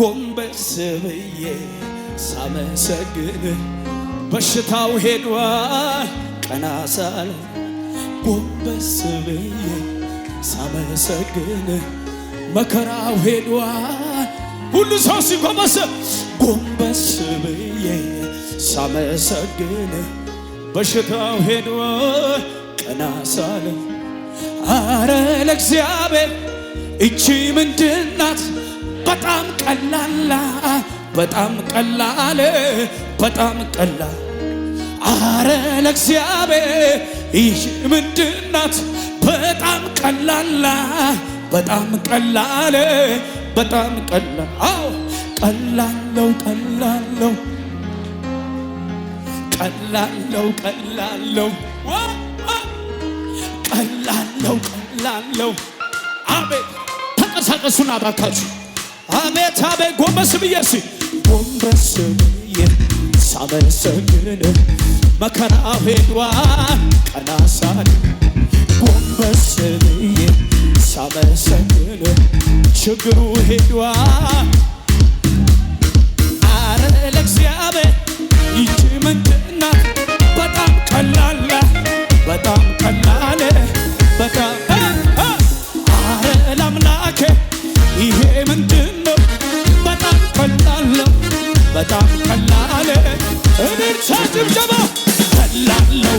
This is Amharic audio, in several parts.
ጎንበስ ብዬ ሳመሰግን በሽታው ሄዷል ቀና ሳለ ጎንበስ ብዬ ሳመሰግን መከራው ሄዷል ሁሉ ሰው ሲጎመስ ጎንበስ ብዬ ሳመሰግን በሽታው ሄዷል ቀና ሳለ አረ ለእግዚአብሔር እቺ ምንድናት በጣም ቀላል በጣም ቀላል በጣም ቀላል አረ ለእግዚአብሔር ይህ ምንድናት በጣም ቀላል በጣም ቀላል በጣም ቀላል አዎ ቀላለው ቀላለው ቀላለው ቀላለው ቀላለው ቀላለው አቤት ተንቀሳቀሱን አባካችሁ አቤት አቤት ጎንበስ ብዬ ሲ ጎንበስ ብዬ ሳመሰግን መከራ ሄዷን ቀናሳን ጎንበስ ብዬ ሳመሰግን ችግሩ ሄዷን አረ ለእግዚአብሔር ይቺ ምንትና በጣም ቀላለ በጣም ቀላለ በጣም አረ ለአምላኬ ይሄ ምንድን እኔን ጭብጨባ ላለው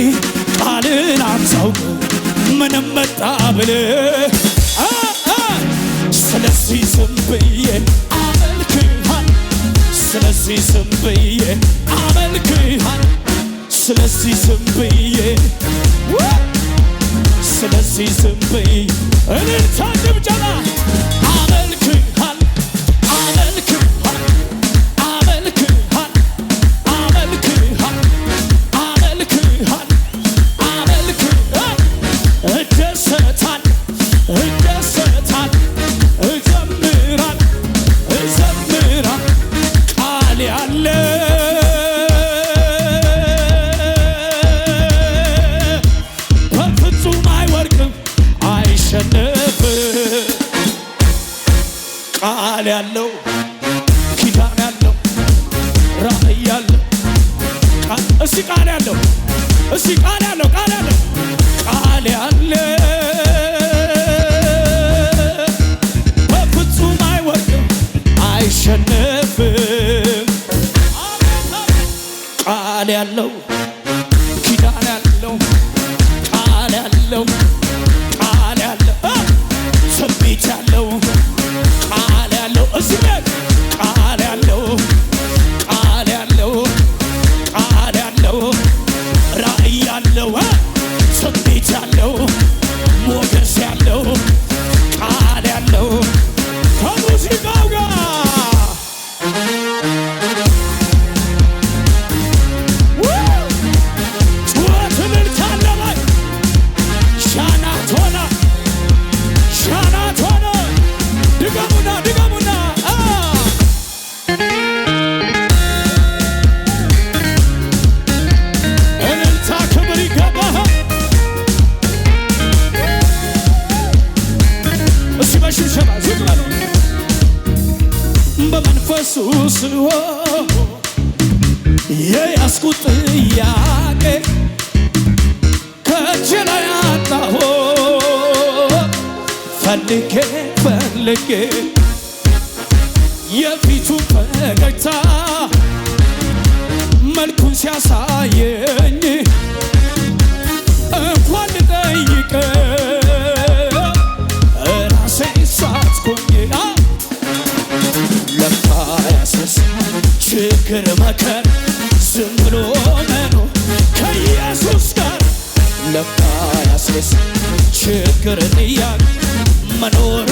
እኔ ቃልን አሳውቅ ምንም መጣ ብል ስለዚህ ዝም ብዬ አመልክሃል ስለዚህ ዝም ብዬ አመልክሃል ስለዚህ ዝም ብዬ She got the one. ፈልጌ ፈልጌ የፊቱ ፈገግታ መልኩን ሲያሳየኝ እንኳን ልጠይቅ ራሴ ሳትኮኝ ለካ ያሰስ ችግር መከር ዝም ብሎ መኖ ከኢየሱስ ጋር ለካ ያሰስ ችግር ጥያቄ manor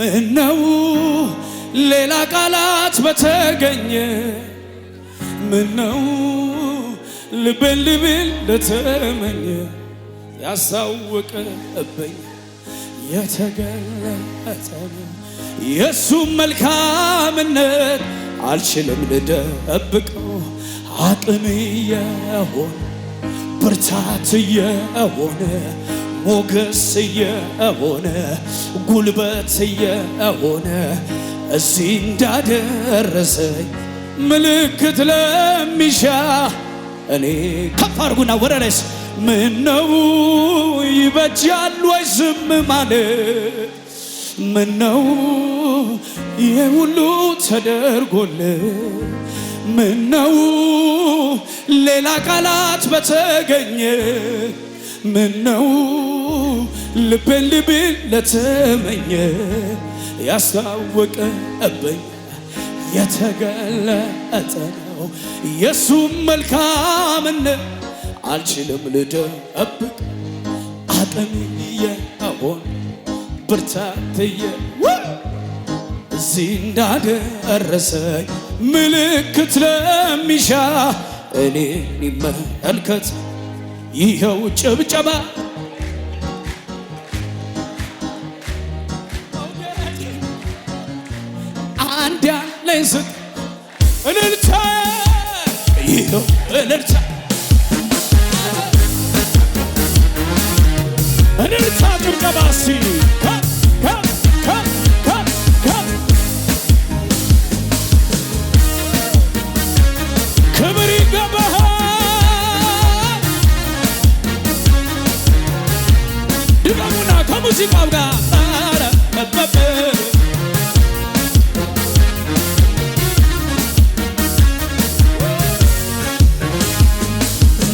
ምነው ሌላ ቃላት በተገኘ ምነው ልቤን ልቤን ለተመኘ ያሳወቀብኝ የተገለጠን የእሱም መልካምነት አልችልም ልደብቀው አቅም የሆነ ብርታት የሆነ ሞገስ የሆነ ጉልበት የሆነ እዚህ እንዳደረሰኝ ምልክት ለሚሻ እኔ ከፍ አድርጉና ወደ ላይስ ምነው ይበጃል ወይ ዝም ማለት? ምነው ይህ ሁሉ ተደርጎል? ምነው ሌላ ቃላት በተገኘ ምነው ልቤን ልቤን ለተመኘ ያስታወቀብኝ የተገለጠ ነው የእሱም መልካምነት አልችልም ልደብቅ አቅምዬ አሁን ብርታትዬ እዚህ እንዳደረሰኝ ምልክት ለሚሻ እኔን ይመልከት ይኸው ጭብጨባ አንድ ያለኝ ስጥ እልልታ ይኸው እልልታ እልልታ ጭብጨባ ሲ ከሙዚቃው ጋር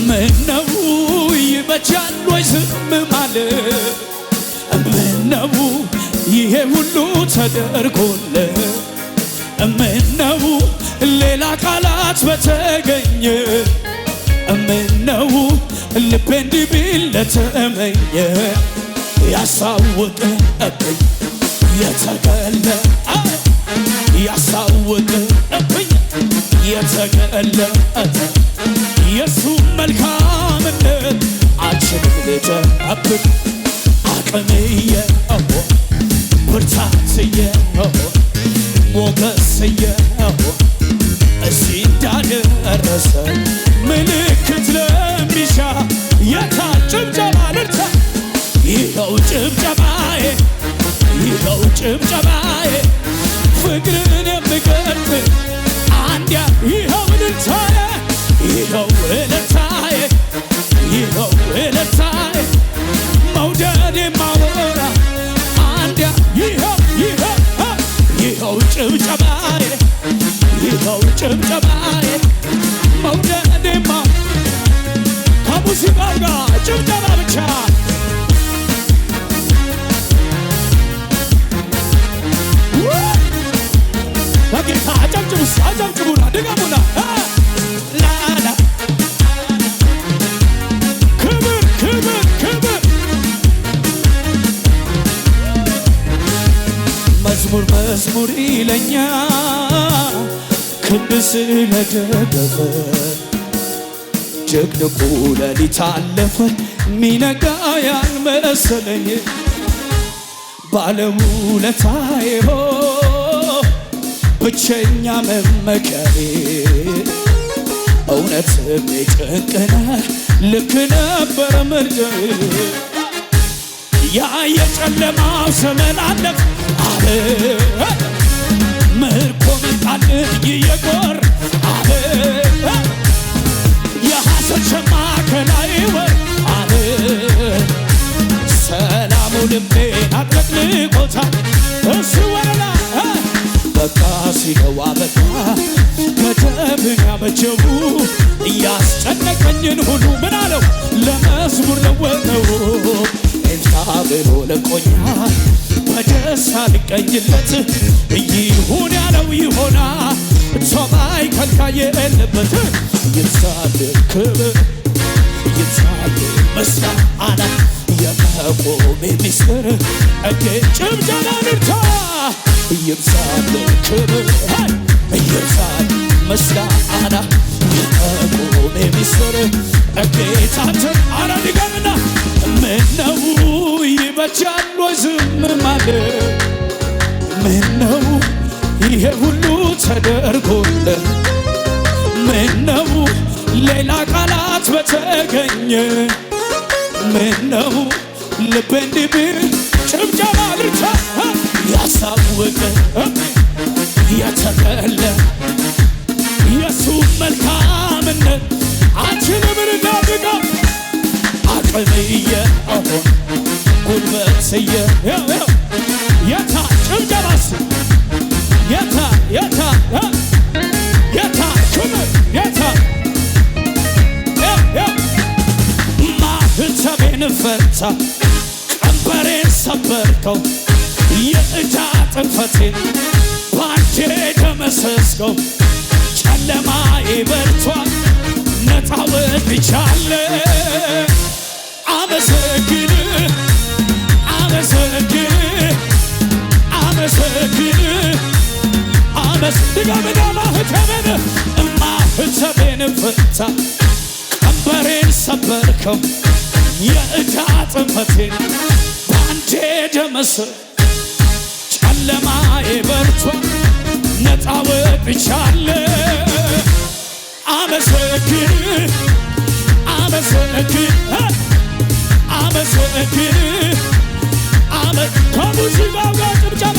ምነው ይመቻል ወይ ዝም ማለት ምነው ይሄ ሁሉ ተደርጎለ ምነው ሌላ ቃላት በተገኘ ምነው ልቤ እንዲህ ቢል ለተመኘ ያሳወቀብኝ የተገለ ያሳወቀብኝ የተገለ የሱ መልካምነት አችንም ልጨብቅ አቅምዬ ብርታትዬ ሞገስዬ እዚህ እንዳደረሰ ምልክት ለሚሻ የታጨብጨብ ይኸው ጭብጨባዬ ይኸው ጭብጨባዬ ፍቅር መዝሙር ይለኛ ክንድ ስለደገፈ ጭቅድቁ ለሊት አለፈ ሚነጋ ያልመሰለኝ ባለውለታዬ ሆይ ብቸኛ መመኪያዬ እውነት የጭንቅነህ ልክ ነበረ ምርጫዬ ያ የጨለማው ዘመን አለፍ ምርኮ መጣልህ እየጎር አለ የሐሰት ሸማ ከላይ ወር አለ ሰላሙ ልቤ አጥለቅልቆታል እሱ ወረላ በቃ ሲለው አበቃ ገደብን ያበጀው እያስጨነቀኝን ሁሉ ምን አለው ለመዝሙር ለወጠው ጴንታ ብሎ ለቆኛል። በደስታ ልቀይለት ይሁን ያለው ይሆና ሰማይ ከልካይ የለበት ይብዛል ክብር ይብዛል ምስጋና የመቆሜ ምስጢር እግን ጭብጨባ ንርታ ይብዛል ክብር ይብዛል ምስጋና የመቆሜ ምስጢር እጌታትን አረድገምና ምነው ይበቻል ወይ ዝም ማለት? ምነው ይሄ ሁሉ ተደርጎለት? ምነው ሌላ ቃላት በተገኘ? ምነው ልቤ እንዲህ ቢል ጭብጨባ ልርታ ያሳወቀ የተቀለ የሱ መልካምነት አንቺን ምን አቅምየ አሁን ጉልበትየ የታ ጭብጨባስ የታ የታ የታ ሹም የታ ማህተቤን ፈታ ቀንበሬን ሰበርከው የእጃ ጥንፈቴን ባንቴ ደመሰስከው ጨለማ ይበርቷል ነጣ ወጥቻለሁ ተመለስ ድጋሜ ማህተሜን ማህተሜን ፈታ ቀንበሬን ሰበርከው የእዳ ጥፈቴን ባንዴ ደመሰ ጨለማዬ በርቶ ነፃ ወጥቻለሁ። አመሰግን አመሰግን አመሰግን አመ ከሙዚቃው ጋር ጭብጨባ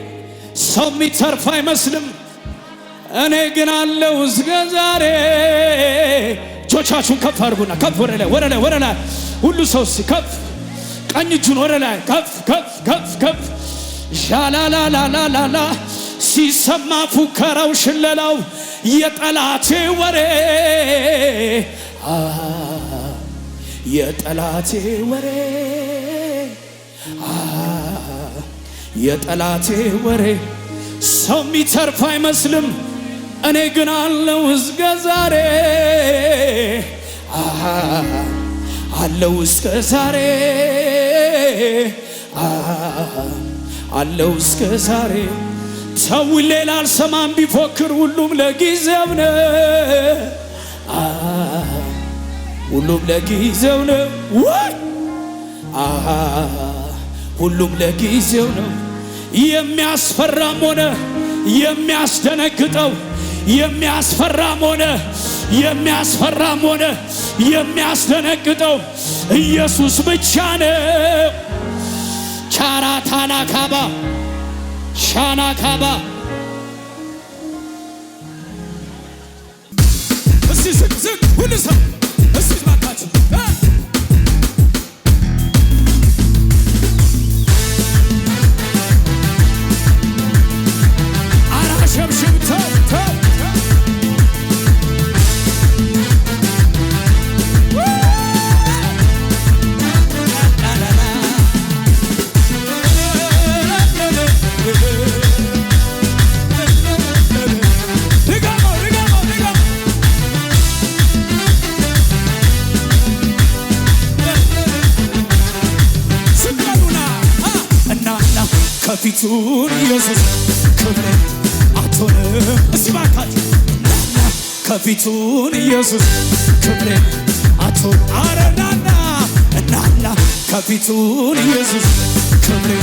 ሰው የሚተርፍ አይመስልም። እኔ ግን አለው እስከ ዛሬ። እጆቻችሁን ከፍ አድርጉና ከፍ ወደ ላይ ወደ ላይ ወደ ላይ ሁሉ ሰው እስኪ ከፍ ቀኝ እጁን ወደ ላይ ከፍ ከፍ ከፍ ከፍ ሻላላላላላ ሲሰማ ፉከራው ሽለላው የጠላቴ ወሬ የጠላቴ ወሬ የጠላቴ ወሬ ሰው የሚተርፍ አይመስልም። እኔ ግን አለው እስከ ዛሬ አለው እስከ ዛሬ አለው እስከ ዛሬ ሰው ሌላ አልሰማም ቢፎክር ሁሉም ለጊዜው ነው፣ ሁሉም ለጊዜው ነው፣ ሁሉም ለጊዜው ነው። የሚያስፈራም ሆነ የሚያስደነግጠው የሚያስፈራም ሆነ የሚያስፈራም ሆነ የሚያስደነግጠው ኢየሱስ ብቻ ነው። ቻራ ታናካባ ሻናካባ እስቲ ዝቅ ዝቅ ሁሉ ሰው እስቲ ባካችሁ እሱን ኢየሱስ ክብሬ አትሆንም እስቲ ባካችሁ ከፊቱን ኢየሱስ ክብሬ አትሆን አረናና እናላ ከፊቱን ኢየሱስ ክብሬ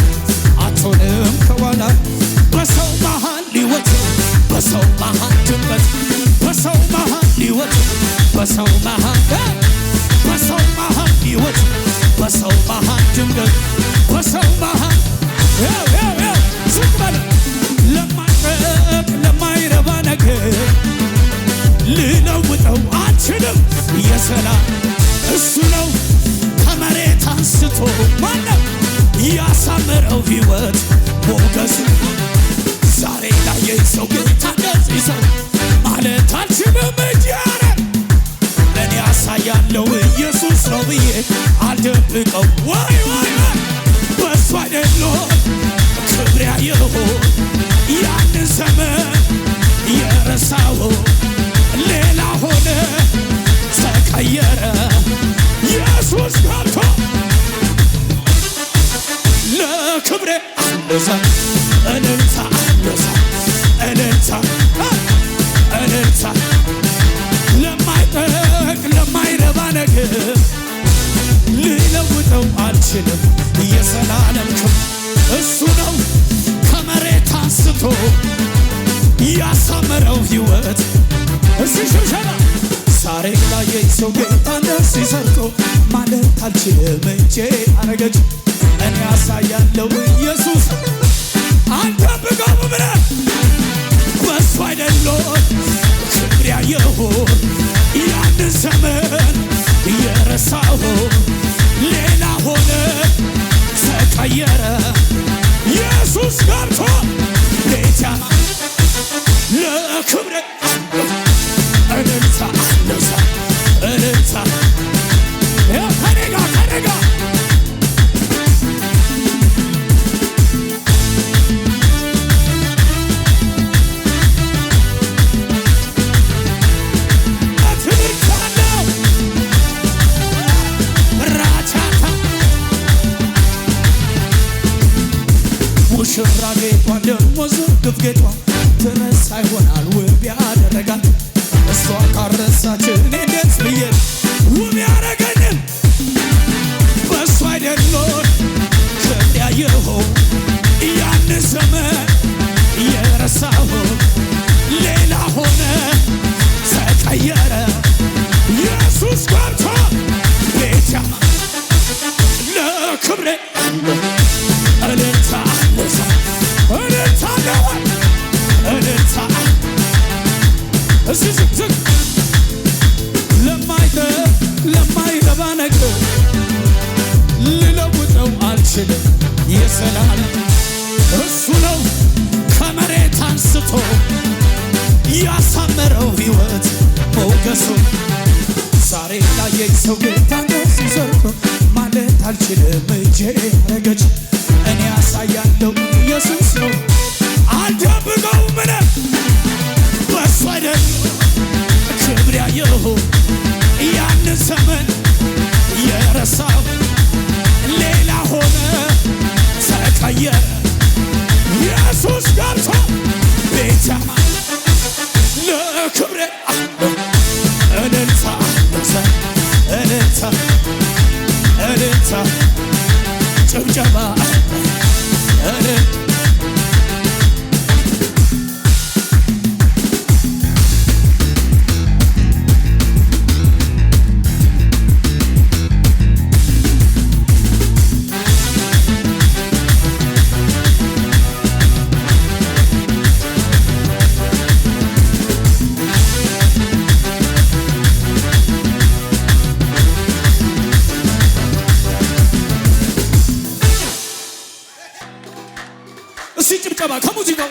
አትሆንም ከኋላ በሰው መሃል ሊወት በሰው መሃል ድንበት በሰው መሃል ሊወት በሰው መሃል በሰው መሃል ሊወት በሰው መሃል ድንበት በሰው መሃል ክብሬ አነሳ እልልታ አነሳ እልልታ እልልታ ለማይጠቅ ለማይረባ ነገር ልለውጠው አልችልም። የዘላለም ክብር እሱ ነው ከመሬት አንስቶ ያሳመረው ሕይወት እዚህ ሽብሸባ ዛሬ ላየኝ ሰው ጌታ ነፍስ ይሰርቆ ማለት አልችልም እንጂ አረገች አሳያለው ኢየሱስ አልጠብቀውም ብለህ በሱ አይደለም ክብር ያየሁት ያንን ዘመን የረሳሁ ሌላ ሆነ ተቀየረ ኢየሱስ ገብቶ ቤት ለክብር 干把看不见呢？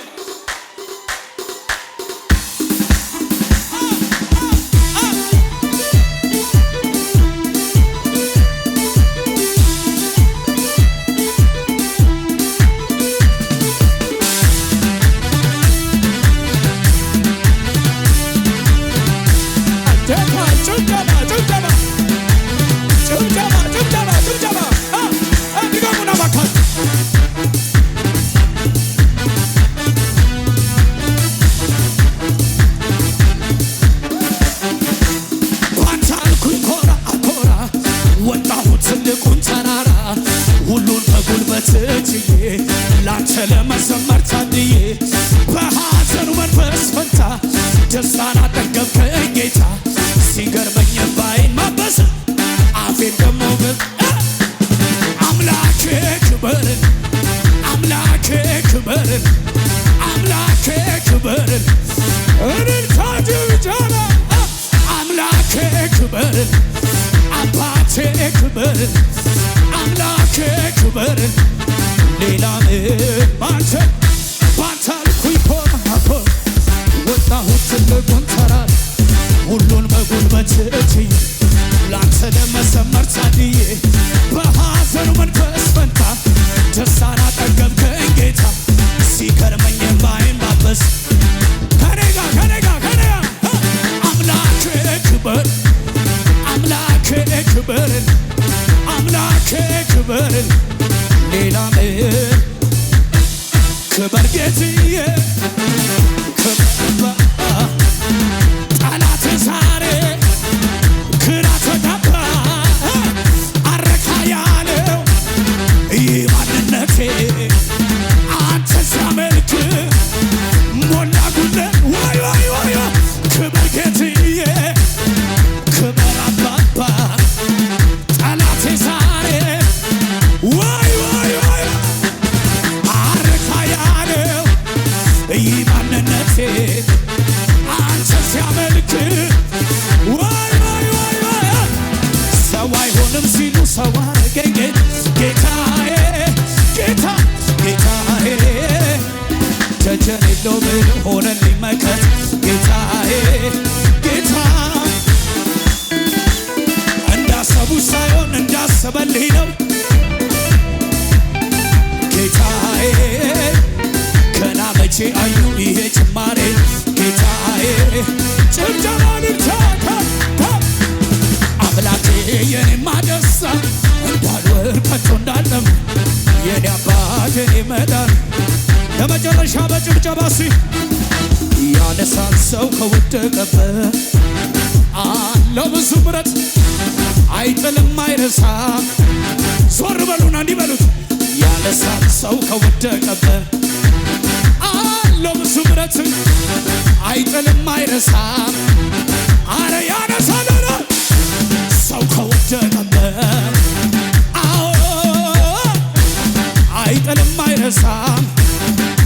ልጆቼ አዩ ይሄ ጭማሬ ጌታዬ ጭብጨባን አምላኬ የኔማ ደስታ እንዳልወር ከቶ እንዳለም የኔ አባት የኔ መዳን ለመጨረሻ በጭብጨባ ሲ ያነሳን ሰው ከወደቀበት አለው ብዙ ምረት አይጥልም አይረሳ ዞር በሉና እንዲበሉት ያነሳን ሰው ከወደቀበት ያለው ብዙ ምረት አይጥልም አይረሳም። አረ ያነሳል ሰው ከወደቀበት አይጥልም አይረሳም።